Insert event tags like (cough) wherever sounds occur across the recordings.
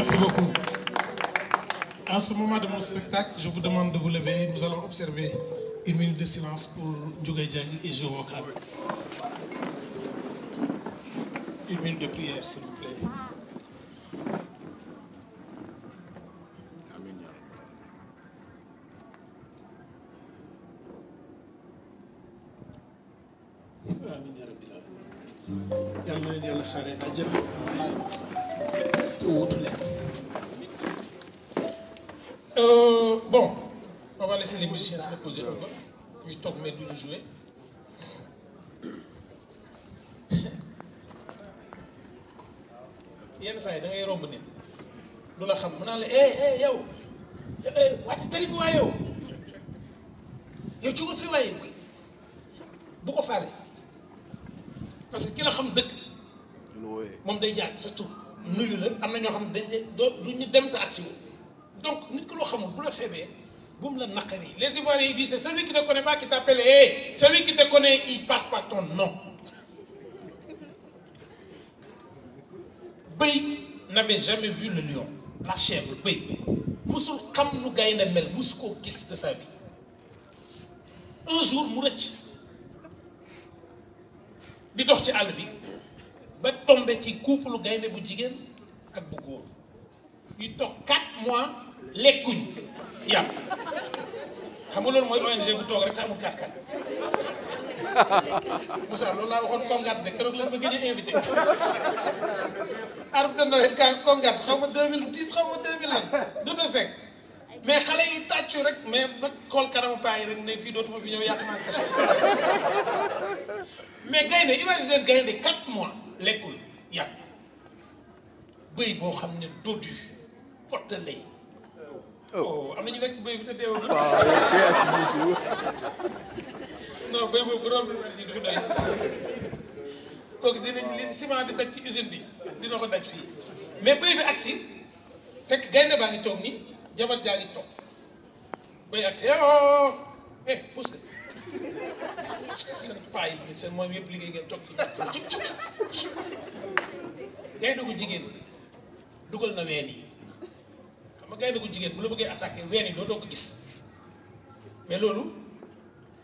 Merci beaucoup. En ce moment de mon spectacle, je vous demande de vous lever. Nous allons observer une minute de silence pour Djang et Joe Une minute de prière, s'il yenn saa da ngay romb nit du la xam mu naan la eh eh yow eh, wàcc tali bi waay yow yow ci fi waay bu ko faale parce que ki la xam dëkk moom day jaar sa tur nuyu la am na ñoo xam ne dañ doo du ñu dem ta aksi donc nit ko loo xamul bu la feebee bu mu la naqari les Ivoiriens yi disent c'est celui qui te connaît pas qui t'appelle eh celui qui te connaît il passe pas ton nom Pays n'avait jamais vu le lion la chèvre pays. musul Kam nous mel qui de sa vie un jour mu Il di dox ci il bi ba tomber le couple de bu jigéen ak bu quatre mois les couilles. Il Moussa loolu laa waxoon Kongat de keroog lan ma gëj invité arbre de Noël ka Kongat xawma 2010 xawma ma 2000 lan du ta sec mais xalé yi tàccu rek mais nak xool karam paa yi rek ne fii dootuma fi ñëw yaakaar naa caché mais gaynde imagine gaynde 4 mois lekul yàgg bëy bo xamné ne dodu pot de oh. oh am na ñu lekk bëy bi te deewul. Ah, non béy boobu bu romb ji du fi doy kooku dinañ li ciment di daj ci usine bi dina ko daj fii mais béy bi agsi fekk gaynde baa ngi toog nii jabar jaa ngi toog béy agsi oh, oh, oh, oh eh pousse de seen paa yi seen moom yëpp liggéey ngeen toog fii gaynde ko jigéen dugal na ween yi xam nga gaynde ko jigéen bu la bëggee attaqué ween yi doo doo ko gis mais loolu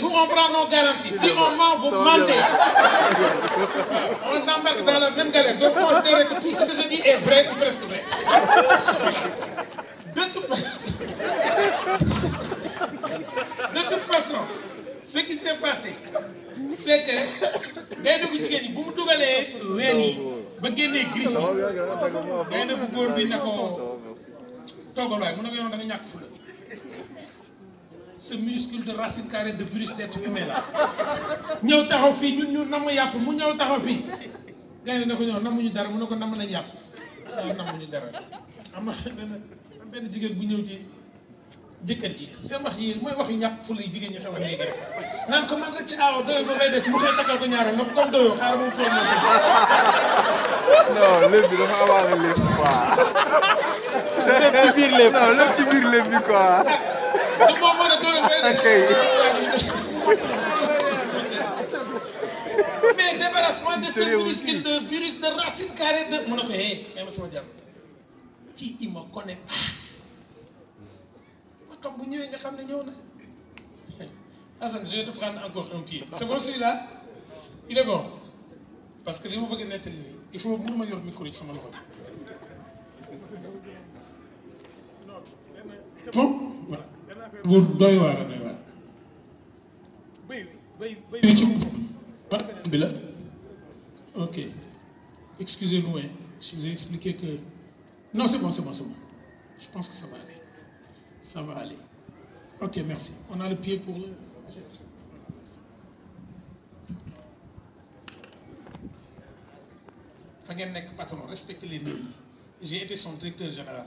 nous on prend nos garanties si on ment vous mentez (laughs) on embarque dans la même galère donc considérez que tout ce que je dis est vrai ou presque vrai de toute façon ce qui s'est passé c'est que dès que vous avez dit vous griffe ce minuscule de racine de virus d'être fii ñun ñu namm yàpp mu ñëw taxaw fii gaynde ne ko ñëw nammuñu mu ne ko namm nañ yàpp waaw nammuñu dara am na am benn jigéen bu ñëw ci jëkkër ji seen wax yi mooy wax yu ñàkk fu jigéen ñi xewal léegi rek naan ko man rek ci aaw doyoo ba may des mu xëy takkal ko ñaareel na ko comme doyoo xaaral moom problème la. non lépp bi dafa amaale lépp quoi. c'est lépp ci biir lépp. non lépp ci biir lépp bi quoi. mais débarrassement de ce qui est le virus de racine carrée de mu ne c'est eh ma Qui il me connaît pas ki ma comme bougné, il nga xam ne ñëw je vais te prendre encore un pied c'est bon celui-là il est bon parce que li ma bëgg a il faut que ma yor micro ci sama loxo bi vous doy waar Oui, oui, oui. ok excusez-nous hein. je vous ai expliqué que non c'est bon c'est bon c'est bon je pense que ça va aller ça va aller ok merci on a le pied pour le fa patron respectez les nit j'ai été son directeur général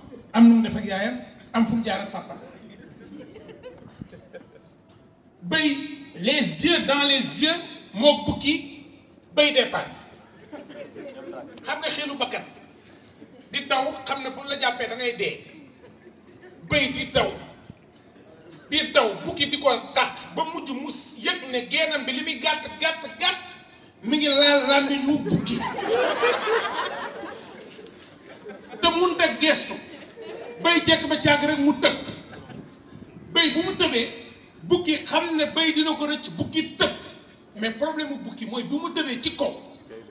am nu mu def yaayam am fu mu jaar ak papa béy les yeux dans les yeux moo bukki béy départ xam nga xelu bakkan di daw xam ne bu la jàppee da ngay dee béy di daw di daw bukki di ko dàq ba mujj mu yëg ne geenam bi li muy gàtt gàtt gàtt mi ngi laal làmmiñu bukki te mun da geestu bay jekk ba càgg rek mu tëb bay bu mu tëbee bukki xam ne bay dina ko rëcc bukki tëb mais problème bukki mooy bu mu tëbee ci kaw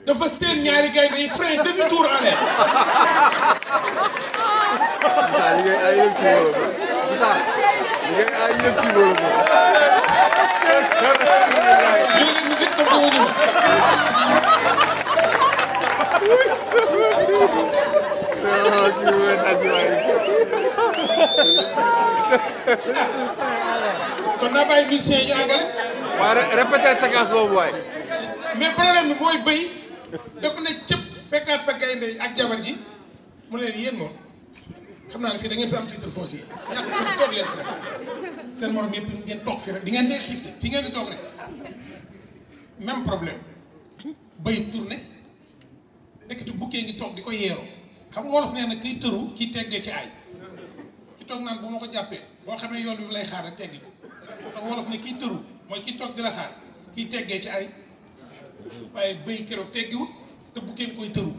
dafa seen ñaari gars yi day frein demi tour li ngay ay yëpp ci wóor Moussa li ngay ay yëpp moom. Kenapa ini bàyyi musicien yi ñu àggale. semua répété séquence boobu waay. mais problème bi mooy béy dafa ne cëpp fekkaat fa gaynde ak jabar ji mu ne leen yéen moom xam naa ne fii da ngeen fi dia titre foncier ñàkk suuf toog leen fi rek seen morom yëpp ngeen ndekete bukkee ngi tok diko ko xam nga wolof nee kay teuru ki kiy ci ay ki tok nan buma ko jappé bo xamé yoon bi lay xaar téggé ko tok wolof ne ki teuru moy ki tok dila xaar ki teggee ci ay waye waaye kéro téggé teggiwut te bukkee ngi koy teuru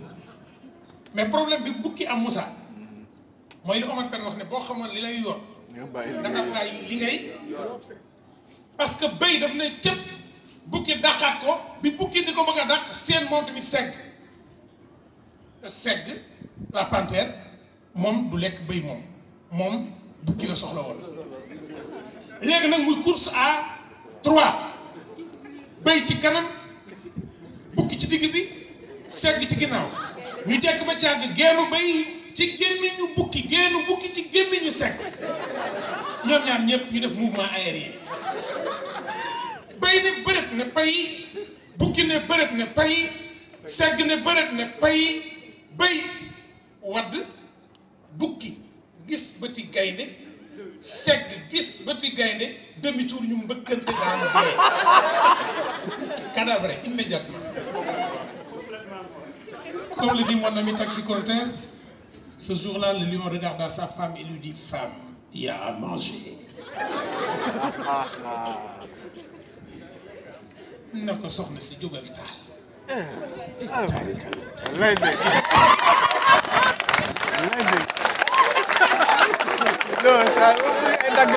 mais problème bi bukki am Moussa moy li Omar Pène wax ne bo xamal li lay yoon da nga bay li ngay parce que bëy daf ne cëpp bukki dàqaat ko bi bukki di ko bëgg a dàq seen moom tamit segg segg la panthère moom du lekk béy mom, moom bukki la soxla woon léegi nag muy course à 3. Bay ci kanam bukki ci digg bi segg ci ginnaaw ñu jekk ba ag génnu bay ci gemmi ñu bukki gennu bukki ci gemmi ñu segg ñoom ñaar ñepp ñu def mouvement aérien béy ne bërëb ne pay bukki ne bërëb ne pay segg ne bërëb ne pay bay wad bukki gis petits gaynde sec, gis bëti gaynde demi tour ñu dans le dee cadavre immédiatement comme le dit mon ami taxicolteur ce jour-là le lion regarde sa femme il lui dit femme il y a à manger na ko soxna ci jógal taal ah barikal wallaay ndeysaan wallaay ndeysaan non ça va muy ay dagg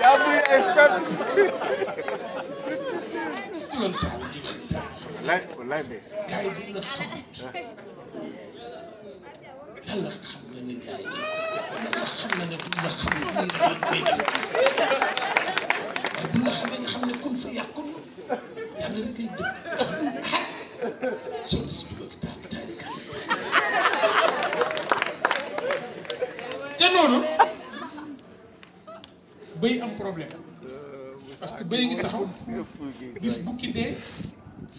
yaa muy ay fen wallaay wallaay ndeysaan gars yi bu la xamul yàlla xam na ne gars yi yàlla xam na ne bu la xamul lii rek lañ koy def waaye bu la xamee nga xam ne kun fa yàqul yàlla rek lay dëgg somsi ca noonu bëy am problème parce que bëy ngi taxaw gis bukki dee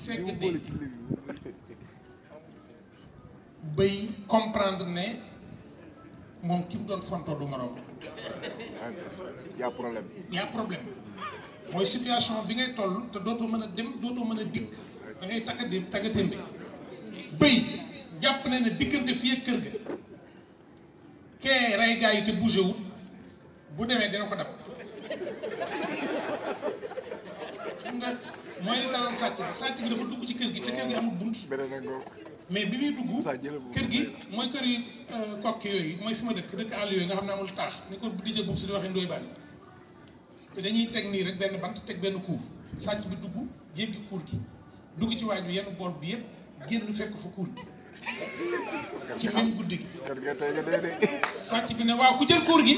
segg dee bëy comprendre ne moom ki mu doon fonto du moroom yaa problème mooy situation bi ngay toll te dootoo mën a dem dootoo mën a dikk da ngay tagga di tagga tembe bëy jàpp ne ne diggante fii ak kër ga kee rey gaa yi bougé wul bu demee dina ko dab xam nga mooy li taral sàcc bi sàcc bi dafa dugg ci kër gi te kër gi amul bunt mais bi muy dugg kër gi mooy kër yi euh, kokk yooyu mooy fi dëkk dëkk àll yooyu nga xam amul taax ni ko di jël boobu si di waxee dañuy teg nii rek benn bant tek benn kuur sàcc bi dugg jéggi kuur gi dugg ci waaj yenn bor bi yeb genn fekk fu kul (laughs) ci même guddi gi sàcc bi ne wa ku jël cour gi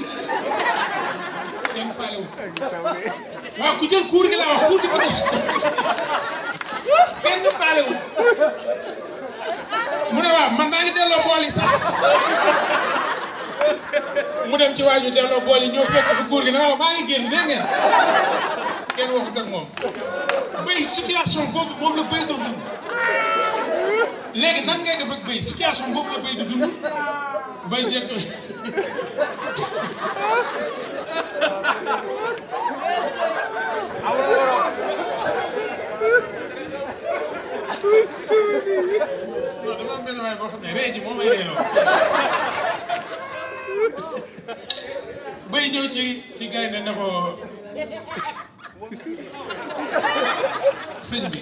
genn faale wu wa ku jël cour gi la wax cour gi fa ne genn (laughs) faale wu mu ne wa man naa nga delo bool yi sax mu dem ci waaj delo delloo yi ñoo fekk fu cour gi ne wa ma ngi genn dégg ngeen kenn waxu ak mom béy situation boobu moom la béy doon dund léegi nan ngay def ak béy situation boobu la béy di dund béy jekk non dafa am benn ci ci sëñ bi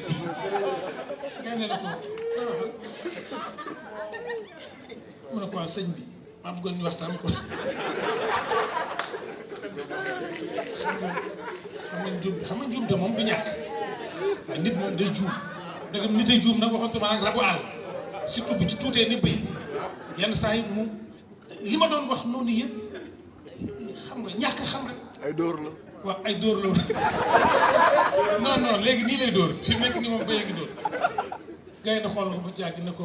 gaynde na ko mun a ko sëñ bi maa bëggoon ñu waxtaan ko xam nga xam xam nga njuum te moom du ñàkk waaye nit moom day juum ndax nit ay juum nag waxoon sama nag rabu surtout bu ci tuutee ni bëy yenn saa yi mu li ma doon wax noonu yëpp xam nga ñàkk xam rek ay dóor la wax ay dóor la (laughs) non léegi nii lay dóor fi nekk nii moom ba ngi dóor gaye xool ko bu jàgg na ko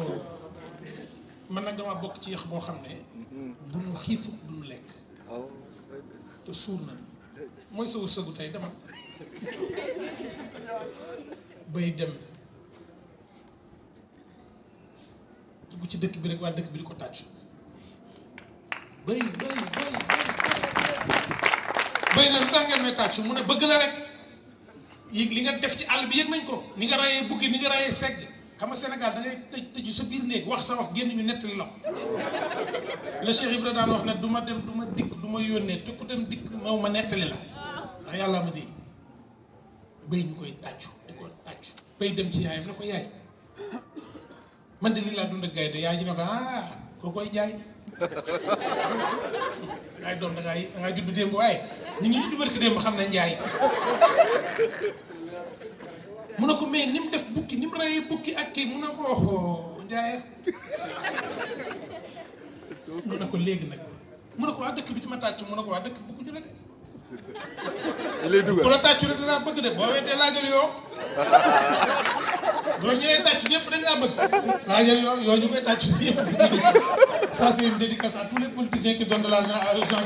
mën nag dama bokk ci yax boo xam ne bu nu xiifut du nu lekk oh. te suur na mooy sawu sëgu tey dama bay dem dugg ci dëkk bi rek waa dëkk bi di ko tàccu bay bay may leen tax ngeen may tàccu mu bëgg la rek li nga def ci àll bi yëg nañ ko ni nga rayee bukki ni nga rayee segg xam nga Sénégal da ngay tëj tëju sa biir néeg wax sa wax génn ñu nettali la le dem du ma dikk du ma yónnee te dem dikk maw ma nettali la yàlla ma di béy ñu koy tàccu di ko tàccu béy dem ci yaayam ne ko yaay man de lii laa dund ak gaynde yaay ji ne ko ah koo koy jaay dangay (laughs) doom dangaa dangaa juddu démb waaye ñu ngi juddu barki démb xam nañ njaay mu na ko mais ni def bukki ni mu reyee bukki ak kii mu ne ko waxoo njaaye mu ne ko léegi nag mu ne ko waa dëkk bi di ma tàccu mu ne ko waa dëkk bukki ju la de ku la tàccu de boo weddee laajal yoo loolu ñu lay tàcc ñëpp dañ laa bëgg waaw yow yow ñu koy tàcc ñëpp ça c'est une dédicace à tous les politiciens qui donnent de l'argent aux gens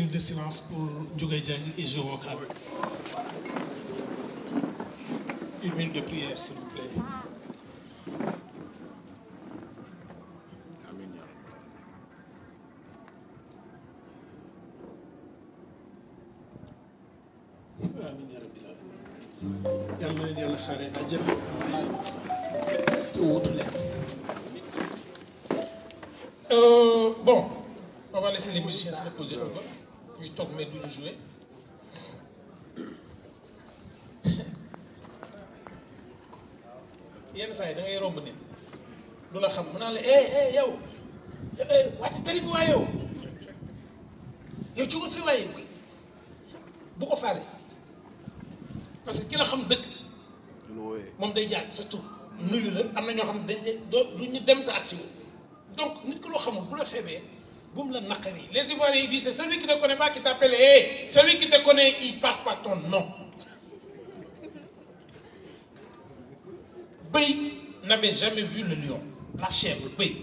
minutes de silence pour Djougay et Jérôme Une minute de prière, s'il vous plaît. ñu toog (coughs) yenn saa yi da ngay nit du la xam mu naan la eh eh yow eh, eh, wàcc tëri bi waay yow yow ci fi waay bu ko faale parce que ki la xam dëkk moom day jaar sa tur nuyu la am na ñoo xam ne dañ doo du ñu dem te agsi donc nit ki loo xamul bu la xeebee boum la nakari. Les Ivoiriens disent c'est celui qui ne connaît pas qui t'appelle. Eh, celui qui te connaît, il passe par ton nom. Bi n'avait jamais vu le lion, la chèvre, Bi.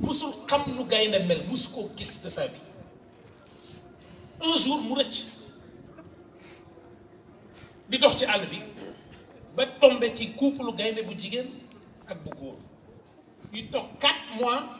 Moussou, comme nous gagne mel, Moussouko kiss de sa vie. Un jour, Mourech, di dox ci àll bi ba tombé ci couple de bu jigéen ak bu góor 4 mois.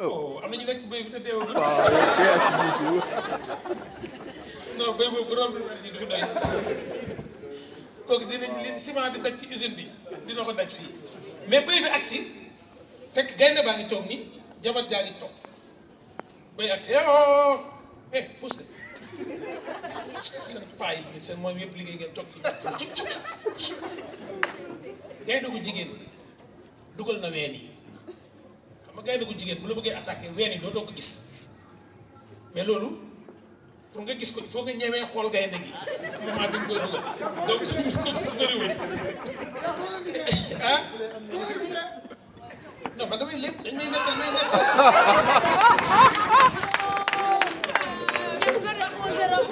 Oh. Oh, am na ñu lekk béy bi te deewul. waaw yaa ci jiitu. non béy boobu bu romb ji du fi doy. kooku dinañ li ciment di daj ci usine bi dina ko daj fii mais béy bi agsi fekk gaynde baa ngi toog nii jabar jaa ngi toog béy agsi yoo eh, oh, eh, eh pousse la seen paa yi seen moom yëpp liggéey ngeen toog fii gaynde ko jigéen dugal na ween yi xam gaynde ko jigéen bu la bëggee attaqué ween yi dootoo ko gis mais loolu pour nga gis ko il faut nga ñemee xool gaynde gi moment bi nga (laughs) ah? lépp dañ may nettal may nettal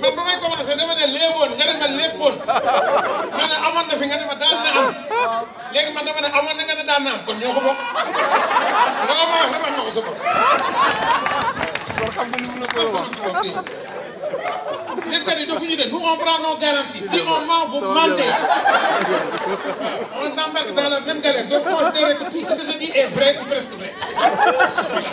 man ba may commencé dama ne léeboon nga ne ma léppoon ma ne amoon na fi nga ne ma daan na am léegi man dama ne amoon na nga ne daan na am kon ñoo ko bokk nga ma wax dama ma ko sa bopp. kon xam nga ni mun na ko wax lépp kat yi dafa ñu de nous on prend nos garanties si on ment vous mentez on embarque dans la même galère donc considérer que tout ce que je dis est vrai ou presque vrai voilà.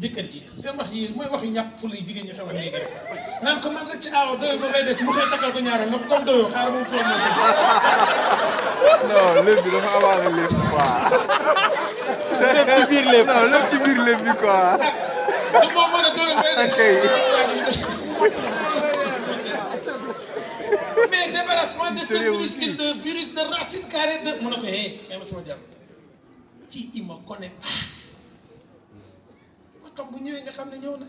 jëkkër ji seen wax yii mooy waxi ñàkk fu lay jigéen ñi xew a léegi rek naan ko man rek ci aaw doyoo ba bay des mu xëy takkal ko ñaareel ndox comme doyoo xaaral ma pour ma non lépp bi dafa amaale lépp quoi. c'est lépp ci biir lépp non lépp ci biir lépp bi quoi. du moom mën a doyoo bay des. (laughs) mais débarrassement de cette muscle de virus de racine carrée de mun na ko hee kay ma sama jàmm kii il me connaît pas. je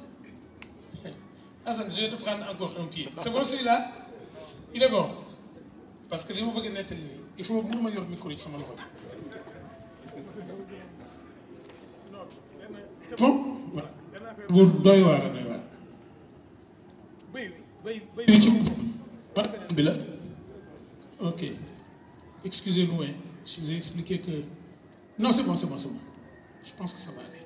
vais te prendre encore un pied c'est bon celui-là il est bon parce que li veux bëgg a il faut que je yor micro yi sama Oui, oui, Bon bu doy Oui, oui. Oui, oui. ok excusez moi je vous ai expliqué que non c'est bon c'est bon c'est bon je pense que ça va aller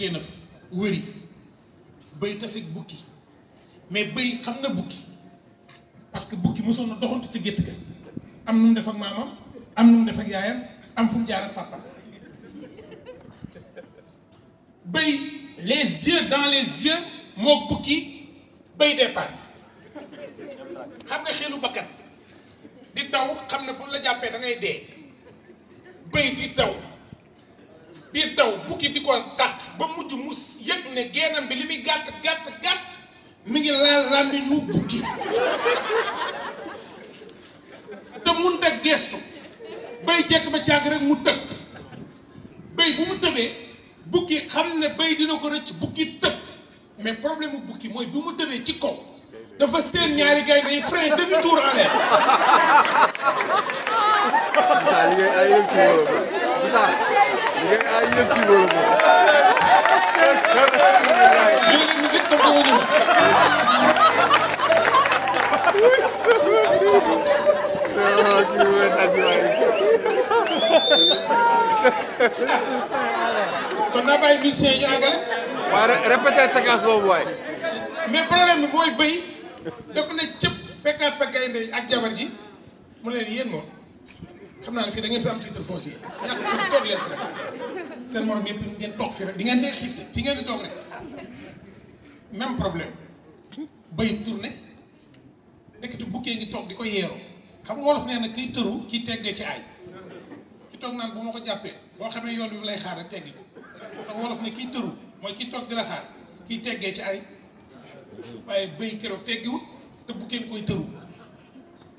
jógee na fa wëri bëy tasig bukki mais bëy xam na bukki parce que bukki mosoon na doxantu ci gétt ga am nu mu def ak maamam am nu mu def ak yaayam am fu mu jaar ak bëy les yeux dans les yeux moo bukki bëy départ xam nga xelu bakkan di daw xam ne bu la jàppee da ngay dee bëy di daw di daw bukki di ko dàq ba mujj mu yëg ne geenam bi li muy gàtt gàtt gàtt mi ngi laal làmmiñu bukki te mun a geestu bay jekk ba càgg rek mu tëb bay bu mu tëbee bukki xam ne bay dina ko rëcc bukki tëb mais problème mu bukki mooy bu mu tëbee ci kaw dafa seen ñaari gaay day frein demi tour en kon naa bàyyi musicien yi ñu àggale. waaye répéter séquence boobu waaye. mais problème bi mooy béy dafa ne cëpp fekkaat fa gaynde yi ak jabar ji mu ne leen yéen moom. xam naa fii da ngeen fi am titre foncier ñàkk suuf toog leen fi seen morom yëpp ngeen toog fi rek di ngeen dee xiif fi ngeen di toog rek même problème bay tourné nekkati bukkee ngi toog di ko yeeroo xam nga wolof nee na kiy tëru kiy teggee ci ay ki toog naan bu ma ko jàppee boo xamee yoon bi lay xaar rek teggi ko wolof ne kiy tëru mooy toog di la xaar kiy teggee ci ay waaye bay keroog teggiwut te bukkee ngi koy tëru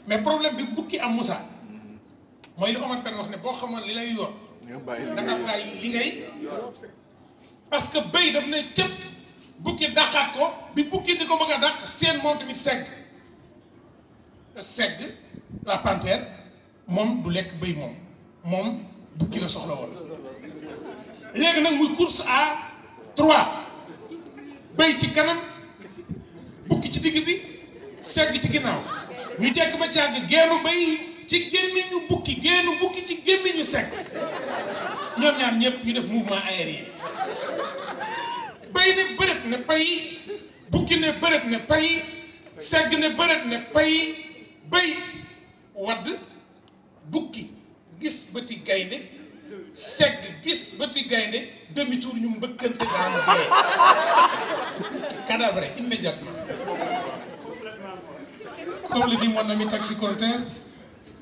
mais problème bi bukki am Moussa. mooy li Omar Pène wax ne boo xamoon li lay yor nga bàyyi li ngay parce que béy daf ne cëpp bukki dàqaat ko bi bukki di ko bëgg dàq seen moom tamit segg te segg la panthère moom du lekk béy moom moom bukki la soxla woon léegi nag muy course a trois béy ci kanam bukki ci digg bi segg ci ginnaaw ñu jekk ba càgg geenu béy ci gémmiñu bukki génnu bukki ci gémmiñu sekk ñoom ñaar ñëpp ñu def mouvement aérien bay ne bërët ne pay bukki ne bërët ne pay segg ne bërët ne pay bay wadd bukki gis bëti gaynde segg gis bëti gaynde demi tour ñu mbëkkante daanu dee cadavre immédiatement comme le dit mon ami taxi compteur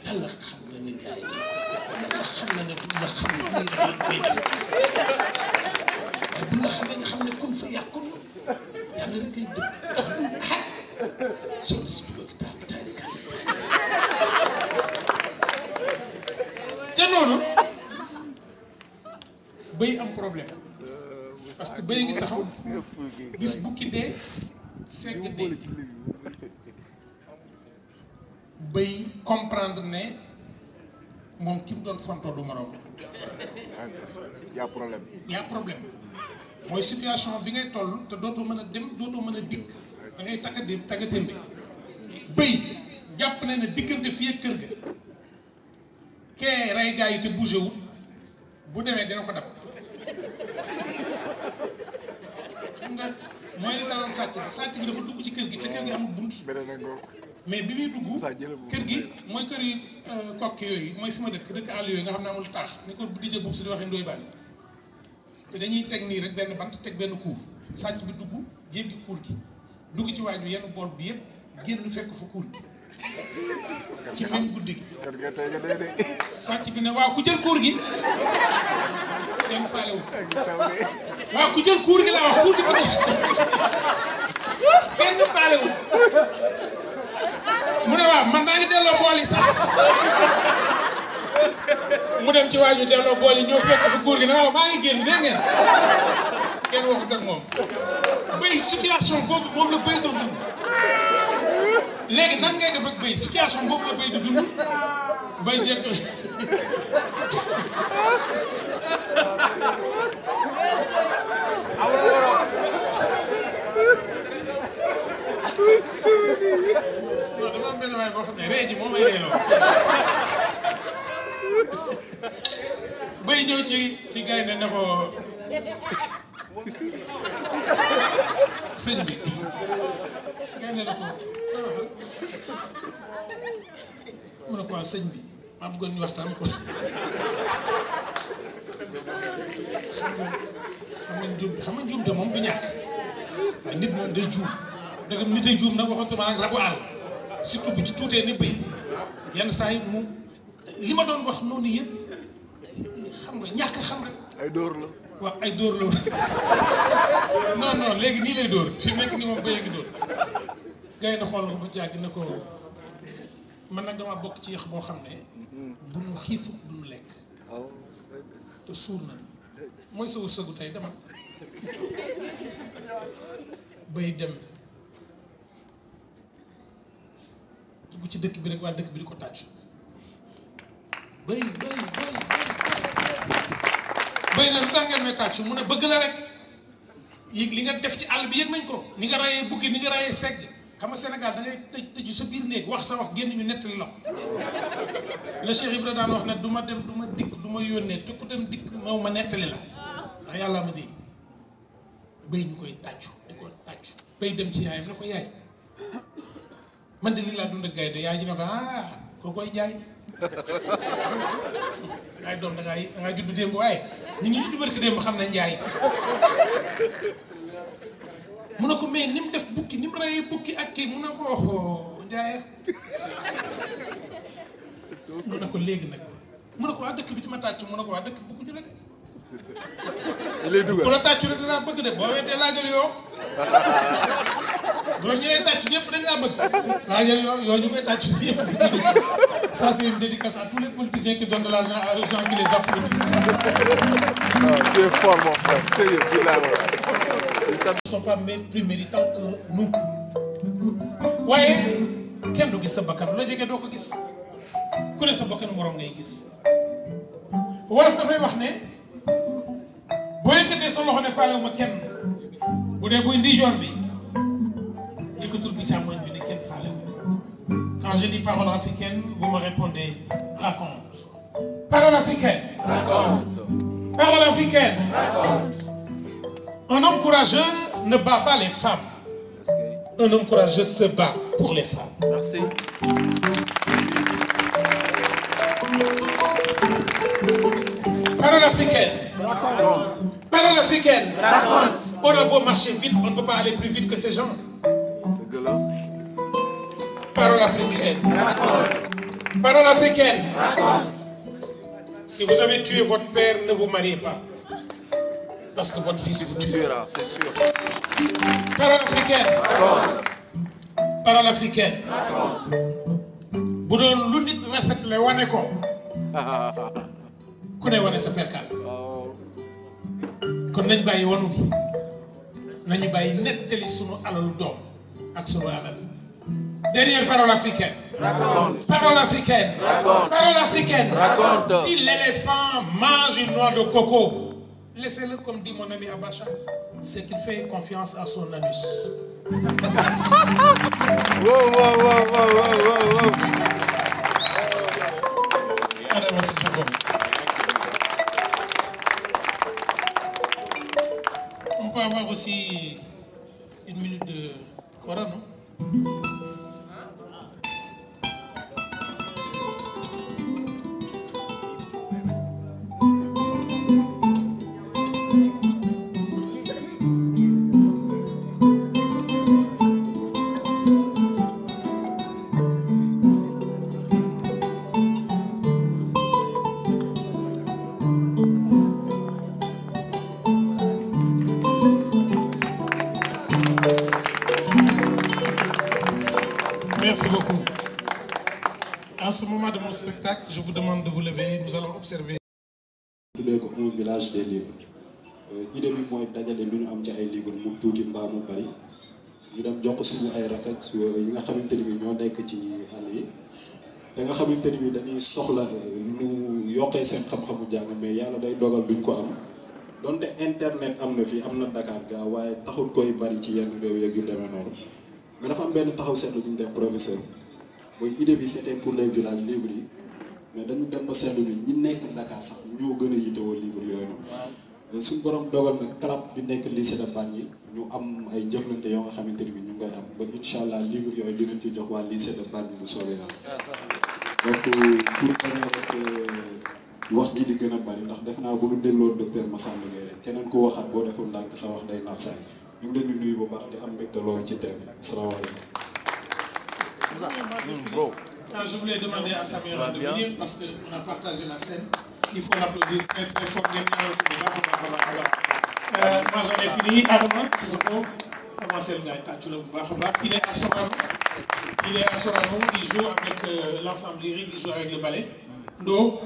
yàlla xam na ne gars yi yàlla xam na ne buñ la xam lii rek lañ koy def waaye buñ la xamee nga xam ne kun fa yàqun yàlla rek day dëgg ndax du xaj soo si dugal taal taali kaal taali te noonu bëy am problème parce que bëy ngi taxaw gis bukki dee segg dee bay comprendre ne moom ki doon fontoo du moroom y a problème y problème mooy situation bi ngay toll te dootoo mën a dem dootoo mën a dikk da ngay takka dem takka témbe bëy jàpp ne ne diggante fii ak kër ga kee rey gaa yi te bougé bu demee dina ko dab xam nga mooy li talaan sàcc bi sàcc bi dafa dugg ci kër gi te kër gi amul bunt mais bi muy dugg kër gi mooy kër yi euh, kokk yooyu mooy fi ma dëkk dëkk àll yooyu nga xam ne amul taax ni ko di jë bub si di waxee ndooy bànni dañuy teg nii rek benn bant teg benn kuur sàcc bi dugg jéggi kuur gi dugg ci waaj bi yenn bool bi yëpp génn fekk fa kuur gi (laughs) ci même guddi bi ne waaw ku jël gi kenn faalewul waaw ku jël kuur gi laa wax kuur gi fa kenn faalewul mu ne waaw man maa ngi delloo bool yi sax mu dem ci waa ñu delloo bool yi ñëw fekk fu góor gi ne waaw maa ngi génn dégg kenn waxut ak moom béy situation boobu moom la béy doon dund léegi nan ngay def ak béy situation boobu la béy di dund bay jekk (laughs) non dama am benn waay boo xam ne ree ji moo may reeloo bay ñëw ci ci gaynde ne ko sëñ bi gaynde ne ko mu ah, sëñ bi maa bëggoon ñu waxtaan nit moom day juum ndax nit ay juum nag waxoon sama rabu àll surtout bu ci tuutee ni béy yenn saa yi mu li ma doon wax noonu yëpp xam nga ñàkk xam rek. ay dóor la. waaw ay dóor (laughs) léegi nii lay dóor fi mu nekk nii moom béyee ngi dóor gay na xool ko jàgg ne ko man nag dama bokk ci yax boo xam ne bu nu xiifut du nu lekk te suur na mooy sa wërsëgu tey dama (laughs) bay dem bu ci dëkk bi rek waa dëkk bi di ko tàccu béy béy béy béy na lu tax ngeen tàccu mu ne bëgg la rek yéeg li nga def ci àll bi yëg nañ ko ni nga rayee bukki ni nga rayee segg xam nga Sénégal da ngay tëj tëju sa biir néeg wax sa wax génn ñu nettali la le Cheikh Ibra daan wax ne du ma dem du ma dikk du ma yónnee te ku dem dikk moo ma nettali la ndax yàlla ma di béy ñu koy tàccu di ko tàccu béy dem ci yaayam la ko yaay man de lii laa dund ak gaynde yaay ji ne ko ah koo koy jaay (laughs) dangay doom dangay dangay judd démb waaye ñu ngi judd barki démb xam ne njaay mun na ko mais ni def bukki ni reyee bukki ak kii mun na ko wax njaaye (laughs) mun na ko léegi nag mun na ko waa dëkk bi ci ma tàcc mun na ko waa dëkk bukki ju la de ça c'est une dédicace à tous les politiciens qui donnent de l'argent à gens qui les applaudissent. mon frère ils ne sont pas même plus méritants que nous quand je dis parole africaine vous me répondez raconte parole africaine raconte parole africaine raconte un homme courageux ne bat pas les femmes un homme courageux se bat pour les femmes. Merci. Parole africaine. Parole africaine. On a beau marcher vite, on ne peut pas aller plus vite que ces gens. Parole africaine. Parole africaine. Si vous avez tué votre père, ne vous mariez pas. Parce que votre fils vous tuera, c'est sûr. Parole africaine. Parole africaine. lu nit (laughs) dernière parole africaine. parole africaine. parole africaine. si l'éléphant mange une noix de coco laissez-le comme dit mon ami Abacha c'est qu'il fait confiance à son anus. (laughs) aussi une minute de Coran, non partage des livres euh, idée bi mooy dajalee lu ñu am ci ay livres mu tuuti mbaa mu bari ñu dem jox suñu ay rakat euh, yi nga xamante ni bi ñoo nekk ci àll yi te nga xamante ni bi dañuy soxla lu euh, yokkee seen xam-xamu jàng mais yàlla day dogal duñ ko am donte internet am na fi am na dakaar gaa waaye taxul koy bari ci yenn réew yeeg yu demee noonu mais dafa am benn taxaw seetlu bu ñu def professeur mooy idée bi c'était pour les villages livres yi mais dañu dem ba seetlu ni ñi nekk Dakar sax ñoo gën a yittewoo livre yooyu noonu suñu borom dogal nag club bi nekk lii lycée de yi ñu am ay jëflante yoo nga xamante ni bi ñu ngi koy am ba incha allah livre yooyu dinañ ci jox waa de Bargny bu soobee yàlla ah, donc euh, euh, wax ji di gën a bari ndax def naa bu ñu dégloo docteur Massamba Gueye rek keneen ku waxaat boo deful ndànk sa wax day naax saay ñu ngi leen di nuyu bu baax di am mbégte loolu ci teew bi asalaamaaleykum mm, je voulais demander à Samira de venir parce qu'on a partagé la scène. Il faut l'applaudir très très fort. Euh, moi j'en ai fini. Armand, c'est ce Il est à Sorano. Il est à Sorano. Il joue avec euh, l'ensemble lyrique, il joue avec le ballet. Donc,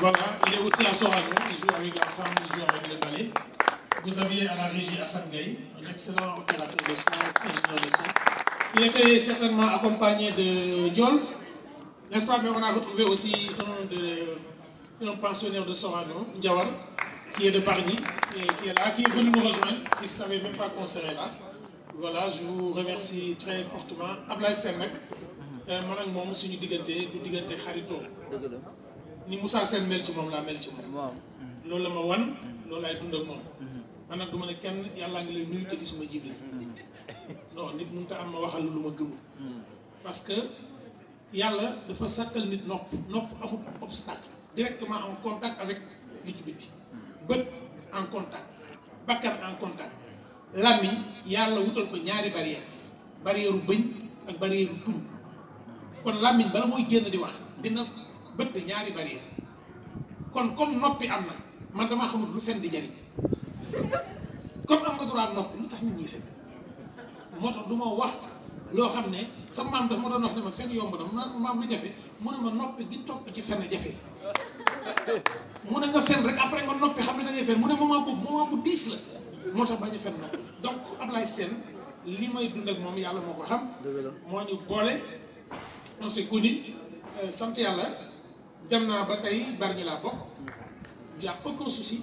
voilà, il est aussi à Sorano. Il joue avec l'ensemble, il joue avec le ballet. Vous aviez à la régie Hassan Gaye, un excellent opérateur de son, ingénieur de son. Il était certainement accompagné de Diol, n'est-ce pas Mais on a retrouvé aussi un, de, un pensionnaire de Sorano, Ndiawar, qui est de Paris, et qui est là, qui est venu nous rejoindre, qui ne savait même pas qu'on serait là. Voilà, je vous remercie très fortement. Ablaï Semek, euh, man ak moom suñu diggante du diggante xaritoo ni Moussa Sène mel ci la laa mel ci la ma wan loolu laay dund man nag du ma ne kenn yàllaa ngi lay nuyu te gisuma jibril non nit mënut a am ma waxal lu ma gëmul parce que yàlla dafa sàkkal nit nopp nopp amul obstacle directement en contact avec li ci bitti bët en contact bakkan en contact làmmiñ yàlla wutal ko ñaari barrière barrière u bëñ ak barrière u kon làmmiñ bala mooy génn di wax dina bëtt ñaari barrière kon comme noppi am na man damaa xamul lu fen di jariñ comme am nga droit noppi lu tax nit ñi fen moo tax du ma wax loo xam ne sa maam daf ma doon wax ne yomb na ma maam lu jafe mu ne ma noppi di topp ci fen jafe mu ne nga fen rek après nga noppi xam ne da ngay fen mu ne moment boobu moment bu diis la moo tax bañ a fen nag donc Ablaye Sène li may dund ak moom yàlla moo ko xam moo ñu boole on s'est connu euh, sant yàlla dem naa ba tey bari ñu laa bokk y a aucun souci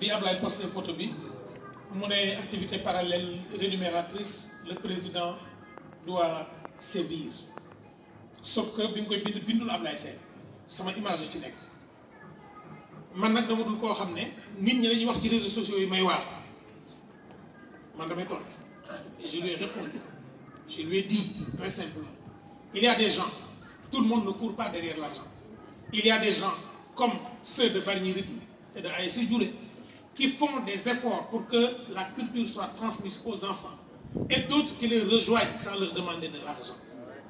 bi Ablaye posté photo bi mu activité parallèle rémunératrice le président doit sévir sauf que bi mu koy bind bindul Ablaye Seck sama image ci nek man nak dama dul ko xamné nit ñi lañ wax ci réseaux sociaux yi may wax man damay et je lui ai répondu je lui ai dit très simplement il y a des gens tout le monde ne court pas derrière l'argent il y a des gens comme ceux de Bargny Rythme et de aïssé qui font des efforts pour que la culture soit transmise aux enfants et d'autres qui les rejoignent sans leur demander de l'argent.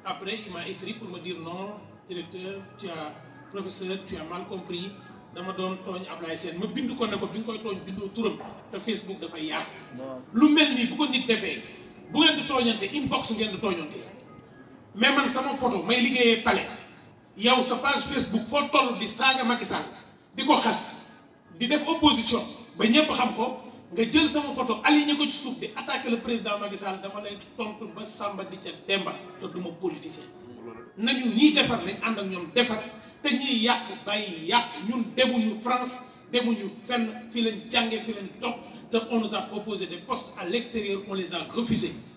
Après, il m'a écrit pour me dire non, directeur, tu as, professeur, tu as mal compris. dama Don tooñ Ablaye Sen, ma bind ko ne ko bi nga koy tooñ bindu turam te Facebook dafay yaatu. lu mel Je bu ko nit defee bu ngeen di inbox ngeen di tooñante mais man sama photo may liggéeyee palais yow sa page Facebook fo toll di Saga Macky Sall di ko xas di def opposition. ba ñëpp xam ko nga jël sama photo aligné ko ci suuf bi attaqué le président Macky Sall dama lay tontu ba Samba di ca Demba te duma politicien nañu ñiy defar nañ ànd ak ñoom defar te ñuy yàq bàyyi yàq ñun demuñu France demuñu fenn fi lañ jànge fi lañ topp te on nous a proposé des postes à l'extérieur on les a refusés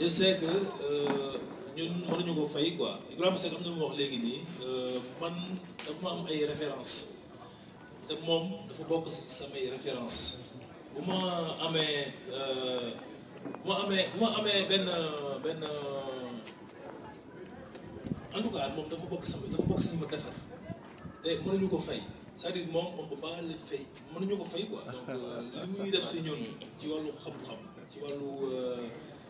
je sais que euh, ñun waruñu ko fay quoi Ibrahima am na mu wax léegi nii euh, man dafa ay référence te dafa bokk si samay bu ma amee euh, bu amee bu ma amee benn benn en tout cas moom dafa bokk sama dafa bokk si mënuñu ko fay cest à moom on peut pas le fay mënuñu ko fay li muy def si ñun ci wàllu xam-xam ci wàllu